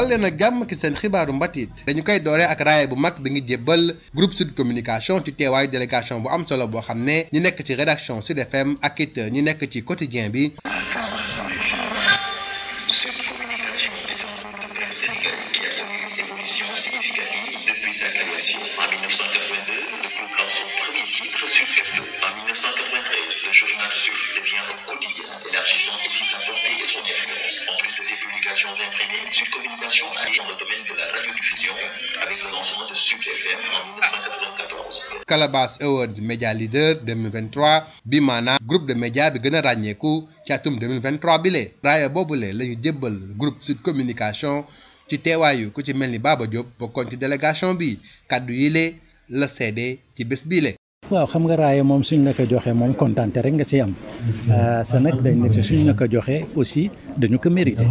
dal leen ak jàmm ki seen xibaaru mbatiit dañu koy dooree ak raaye bu mag bi ngi jébbal groupe sud communication ci teewaayu délégation bu am solo boo xam ne ñu nekk ci rédaction sud fm ak it ñu nekk ci quotidien bi Calabas Awards Media Leader 2023 bi maanaam groupe de média bi gën a ràññeeku ci atum 2023 bi le raaya boobule la ñu jébbal groupe Sud Communication ci teewaayu ku ci mel ni Baba Diop bokkoon ci délégation bi kàddu yi la seede ci bés bii waaw xam nga raaya moom suñ la ko joxee moom kontaante rek nga si am euh, sa nag dañ ne suñ la ko joxee aussi dañu ko mérité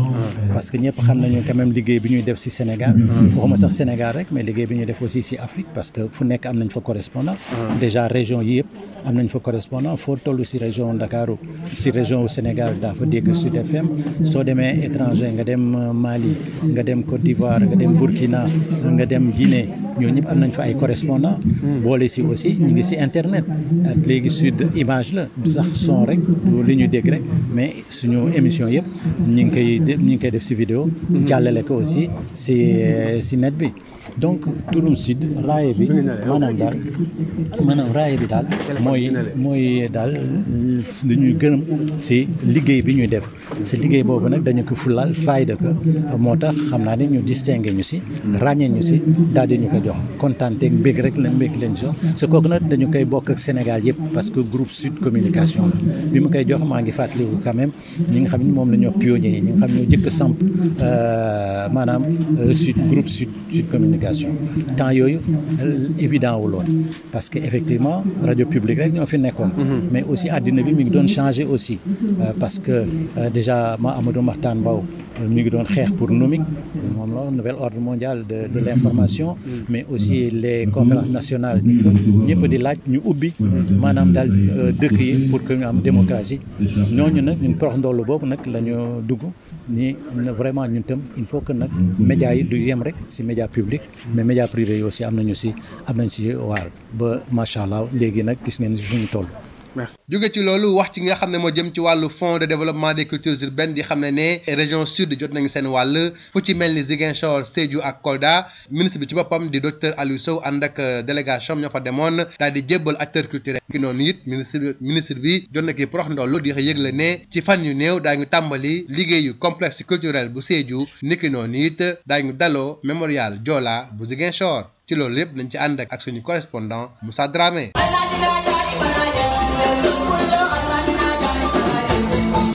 parce que ñëpp xam nañu quand même liggéey bi ñuy def si Sénégal waxuma sax Sénégal rek mais liggéey bi ñuy def aussi si Afrique parce que fu nekk am nañ fa correspondant déjà région yi yëpp am nañ fa correspondant foo tollu si région Ndakaaru si région Sénégal daa fa dégg Sud FM soo demee étranger nga dem Mali nga dem Côte d'Ivoire nga dem Burkina nga dem Guinée ñoo ñëpp am nañ fa ay correspondant boole si aussi ñu ngi si internet ak léegi Sud image la du sax son rek du li ñu dégg rek mais suñu émission yëpp ñu ngi koy ñu ngi koy def si video jàllale ko aussi si si net bi donc turu sud raaye bi maanaam daal maanaam raaye bi daal mooy mooy daal lu ñuy gërëm si liggéey bi ñuy def si liggéey boobu nag dañu ko fulaal faayda ko moo tax xam naa ne ñu distingué ñu si ràññee ñu si daal di ñu ko jox kontaanteeg mbég rek la mbég leen jox su kooku nag dañu koy bokk ak Sénégal yëpp parce que groupe sud communication bi mu koy jox maa ngi fàttaliku quand même ñi nga xam ne moom la ñoo pionnier ñu nga xam ñoo jëkk samp euh, maanaam euh, communication temps yooyu évident wu loon parce que effectivement rajo publique rek ñoo fi nekkoon mhm. mais aussi àddina mi ngi changer aussi euh, parce que euh, déjà ma Amadou Mahtar Mbow euh, mi ngi xeex pour NOMIC moom la nouvel ordre mondial de de mhm. l'information mhm. mais aussi les conférences nationales ñëpp di laaj ñu ubbi maanaam daal dëkk yi pour que démocratie ñooñu nag ñun prox ndoolu boobu nag la ñu ni vraiment ñun tam il faut que nag média yi du yem rek si média public mais média privé yi aussi am nañu si am nañ si waar ba macha allah léegi nag gis ngeen si suñu toll merci jóge ci loolu wax ci nga xam ne moo jëm ci wàllu fonds de développement des cultures urbaines di xam ne ne région sud jot nañu seen wàll fu ci mel ni Ziguinchor Sédhiou ak Kolda ministre bi ci boppam di docteur Aliou Sow ànd ak euh, délégation ñoo fa demoon daal di jébbal acteur culturel ki noonu it ministre ministre bi jot na ki prox ndollu di yëgle ne ci fan yu néew daañu tàmbali liggéeyu complexe culturel bu Sédhiou niki noonu it daañu daloo mémorial Joola bu Ziguinchor ci loolu yëpp nañ ci ànd ak suñu correspondant Moussa Dramé escuela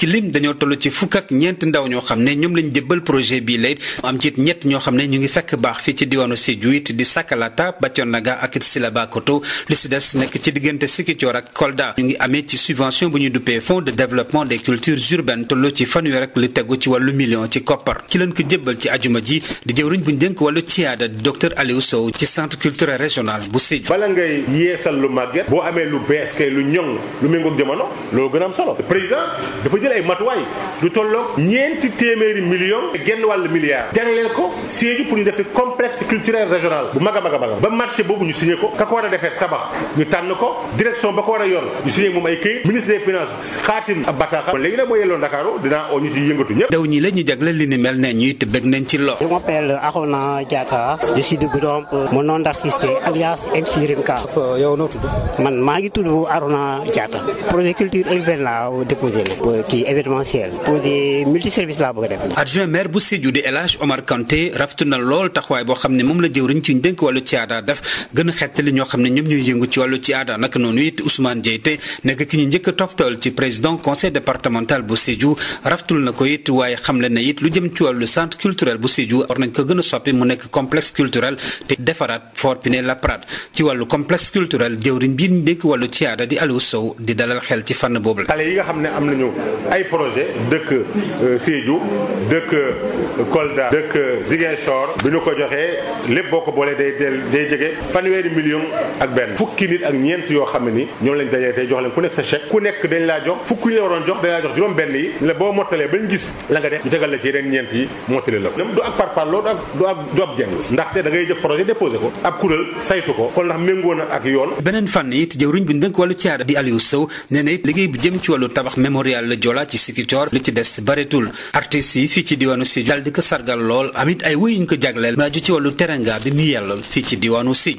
ci lim dañoo toll ci fukk ak ñeent ndaw ñoo xam ne ñoom lañ jëbbal projet bii lay am ci ñett ñoo xam ne ñu ngi fekk baax fii ci diwaanu Sédhiou it di Sakalata Bathionaga ak Silabakoto li si des nekk ci diggante Sikicoor ak Kolda ñu ngi amee ci subvention bu ñu duppee fonds de développement des cultures urbaines toll ci fanweer ak lu tegu ci wàllu million ci koppar ki leen ko jëbbal ci ajuma ji di jëwriñ buñ dénk wàllu ciyaada di docteur Aliou Sow ci centre culturel régional bu Sédhiou. bala ngay yeesal lu màgget boo amee lu bees lu ñoŋ lu méngoog jamono jël ay matuwaay du tolloog ñeenti téeméeri million genn wàllu milliard jagleel ko Sédhiou pour ñu defi complexe culturel régional bu a a mag ba marché boobu ñu signé ko ka a a nag moo yelloo Ndakaaru dinaa oo ñu ci yëngatu ñëpp daw ñi la ñu li ni mel ne ñuy te bëgg ci lool man maa ngi tudd Arona Diatta projet culture urbaine laa déposé ci événementiel pour di multi service laa bëgg a def. adjoint maire bu Sédhiou di El Omar Kanté raftu na lool taxawaay boo xam ne moom la jëwriñ ci dénk wàllu ci aada def gën a xettali ñoo xam ne ñoom ñooy yëngu ci wàllu ci aada naka noonu it Ousmane Diaité nekk ki ñu njëkk a toftal ci président conseil départemental bu Sédhiou raftul na ko it waaye xamle na it lu jëm ci wàllu centre culturel bu Sédhiou war nañ ko gën a soppi mu nekk complexe culturel te defaraat Fort Pinet-Laprade ci wàllu complexe culturel jëwriñ bi ñu dénk ci aada di Aliou Sow di dalal xel ay projet dëkk euh, Sédhiou dëkk euh, Kolda dëkk Ziguinchor bi ñu ko joxee lépp boo ko boolee day del day jege fanweeri million ak benn fukki nit ak ñeent yoo xam ne ni ñoom lañ dajee tey jox leen ku nekk sa chèque ku nekk dañ laa jox fukki ñu la waroon jox juróom benn yi la boo mottalee bañ gis la nga def ñu tegal la ci yeneen ñeent yi mottali la ko du ak par par loolu ak du ak du ab jeng ndaxte da ngay jëf projet déposé ko ab kuréel saytu ko kon ndax méngoo na ak yoon beneen fànn it jëwriñ bi ndënk wàllu caada di Aliou Sow nee na it liggéey bu ci wàllu tabax mémorial la Joola Tuuba ci Sikicoor li ci des bareetul artistes yi fii ci diwaanu Sédhiou dal ko sargal lool amit ay wuyu ñu ko jagleel ma ju ci wàllu teranga bi mu yellal fii ci diwaanu Sédhiou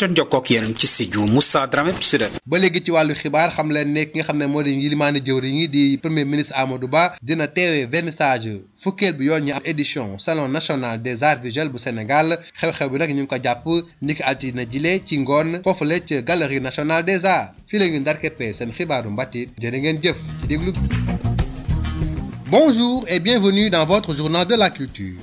doon jokkoo ak yéen ci si Moussa Dramé ci Sud ba léegi ci wàllu xibaar xam leen ne ki nga xam ne moo di yilimaani jëwriñ yi di premier ministre Amadou Ba dina teewee vernissage fukkeel bi yoon ñu am édition salon national des arts visuels bu senegal xew-xew bi nag ñu ngi ko jàpp niki na jilee ci ngoon foofule ci galerie nationale des arts fii la ñu ndarkeppee seen xibaaru mbàtti jërë ngeen jëf ci déglu Bonjour et bienvenue dans votre journal de la culture.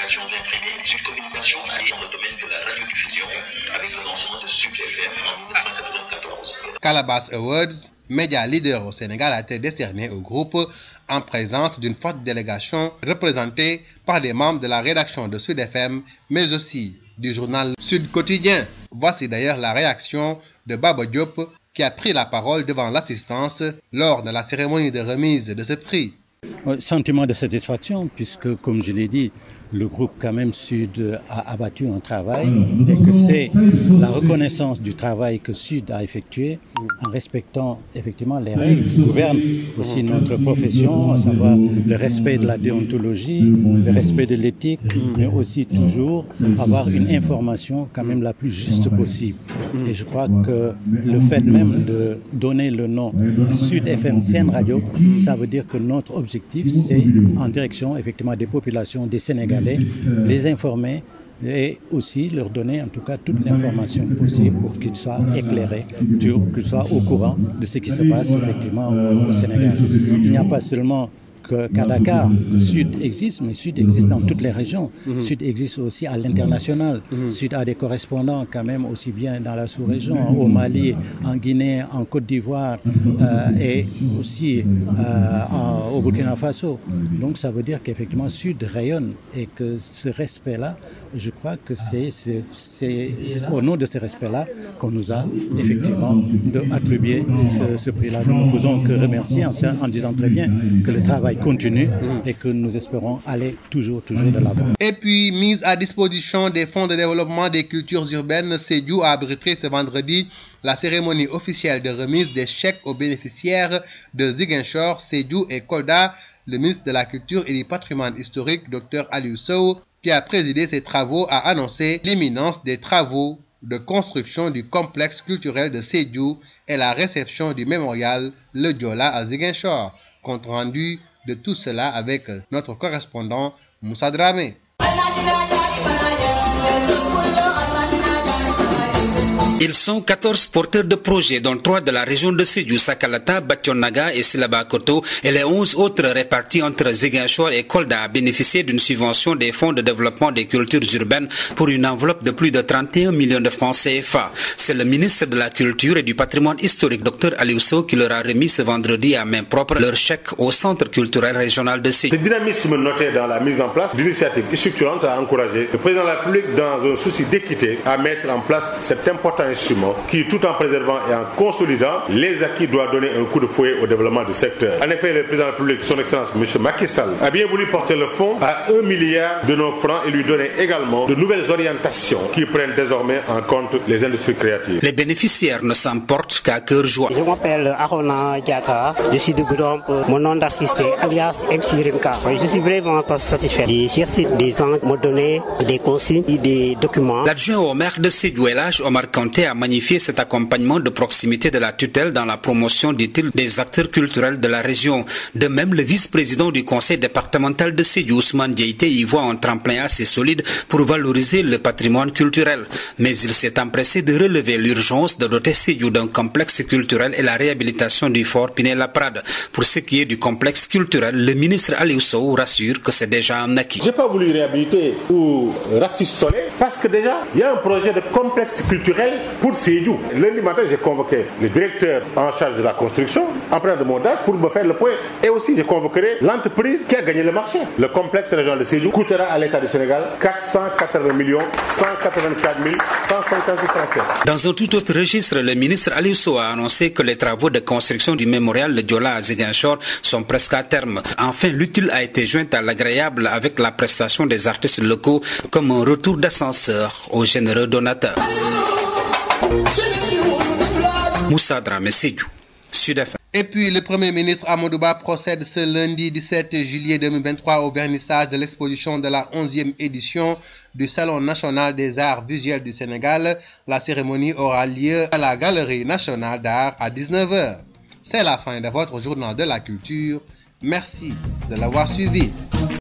publications imprimées, une communication de la radiodiffusion Calabas Awards, média leader au Sénégal, a été décerné au groupe en présence d'une forte délégation représentée par des membres de la rédaction de Sud FM, mais aussi du journal Sud Quotidien. Voici d'ailleurs la réaction de Baba Diop qui a pris la parole devant l'assistance lors de la cérémonie de remise de ce prix. Sentiment de satisfaction, puisque, comme je l'ai dit, le groupe quand même Sud a abattu un travail et que c'est la reconnaissance du travail que Sud a effectué en respectant effectivement les règles qui aussi notre profession, le respect de la déontologie, le respect de l'éthique, mais aussi toujours avoir une information quand même la plus juste possible. Et je crois que le fait même de donner le nom Sud FM Seine Radio, ça veut dire que notre objectif l'objectif, c'est en direction effectivement des populations, des Sénégalais, les informer et aussi leur donner en tout cas toute l'information possible pour qu'ils soient éclairés, qu'ils soient au courant de ce qui se passe effectivement euh, au Sénégal. Il n'y a pas seulement qu'à Dakar, mm-hmm. mm-hmm. Sud existe, mais Sud existe dans mm-hmm. toutes les régions. Sud existe aussi à l'international. Sud a des correspondants quand même aussi bien dans la sous-région, au Mali, en Guinée, en Côte d'Ivoire euh, et aussi euh, en, au Burkina Faso. Donc ça veut dire qu'effectivement Sud rayonne et que ce respect-là je crois que ah. c'est au nom de ce respect-là qu'on nous a effectivement de attribué ce, ce prix-là. Nous ne faisons que remercier en, disant très bien que le travail continue mm. et que nous espérons aller toujours, toujours de l'avant. Et puis, mise à disposition des fonds de développement des cultures urbaines, Sédiou a abrité ce vendredi la cérémonie officielle de remise des chèques aux bénéficiaires de Ziguinchor, Sédiou et Kolda. Le ministre de la Culture et du Patrimoine historique, Dr. Aliou Sow, qui a présidé ces travaux, a annoncé l'imminence des travaux de construction du complexe culturel de Sédiou et la réception du mémorial Le Diola à Ziguinchor. Compte rendu de tout cela avec notre correspondant Moussa Dramé. Ils sont 14 porteurs de projets, dont 3 de la région de Sidiou, Sakalata, Bationnaga et Silabakoto, et les 11 autres répartis entre Ziguinchor et Kolda, bénéficié d'une subvention des fonds de développement des cultures urbaines pour une enveloppe de plus de millions de francs CFA. C'est le ministre de la Culture et du Patrimoine historique, Dr Aliousso, qui leur a remis ce vendredi à main propre leur chèque au Centre culturel régional instrument qui, tout en préservant et en consolidant les acquis, doit donner un coup de fouet au développement du secteur. En effet, le président de la République, son Excellence M. Macky a bien voulu porter le fonds à 1 milliard de nos francs et lui donner également de nouvelles orientations qui prennent désormais en compte les industries créatives. Les bénéficiaires ne s'emportent qu'à cœur joie. Je m'appelle Arona Diaka, je de Goudomp, des gens m'ont donné des consignes, des documents. L'adjoint invité à magnifier cet accompagnement de proximité de la tutelle dans la promotion, dit-il, des acteurs culturels de la région. De même, le vice-président du conseil départemental de Sédou, Ousmane Diaité, y voit un tremplin assez solide pour valoriser le patrimoine culturel. Mais il s'est empressé de relever l'urgence de doter Sédou d'un complexe culturel et la réhabilitation du fort Pinet-Laprade. Pour ce qui est du complexe culturel, le ministre Aliou Sow rassure pour Sédhiou. Lundi matin, j'ai convoqué le directeur pour me faire le point. complexe régional de Sédhiou coûtera à l'État du Sénégal 480 millions 184 156 francs. Dans un tout autre registre, le ministre Aliou a annoncé que les travaux de construction du mémorial de Diola à Ziguinchor sont presque a été jointe à l'agréable avec la des artistes locaux comme un retour d'ascenseur aux généreux donateurs. Moussa Dramé Sédhiou, Sud FM. le Premier ministre Amadouba procède ce lundi 17 juillet 2023 au vernissage la 11e édition national des arts visuels du La cérémonie aura à la Galerie la fin de de la culture. Merci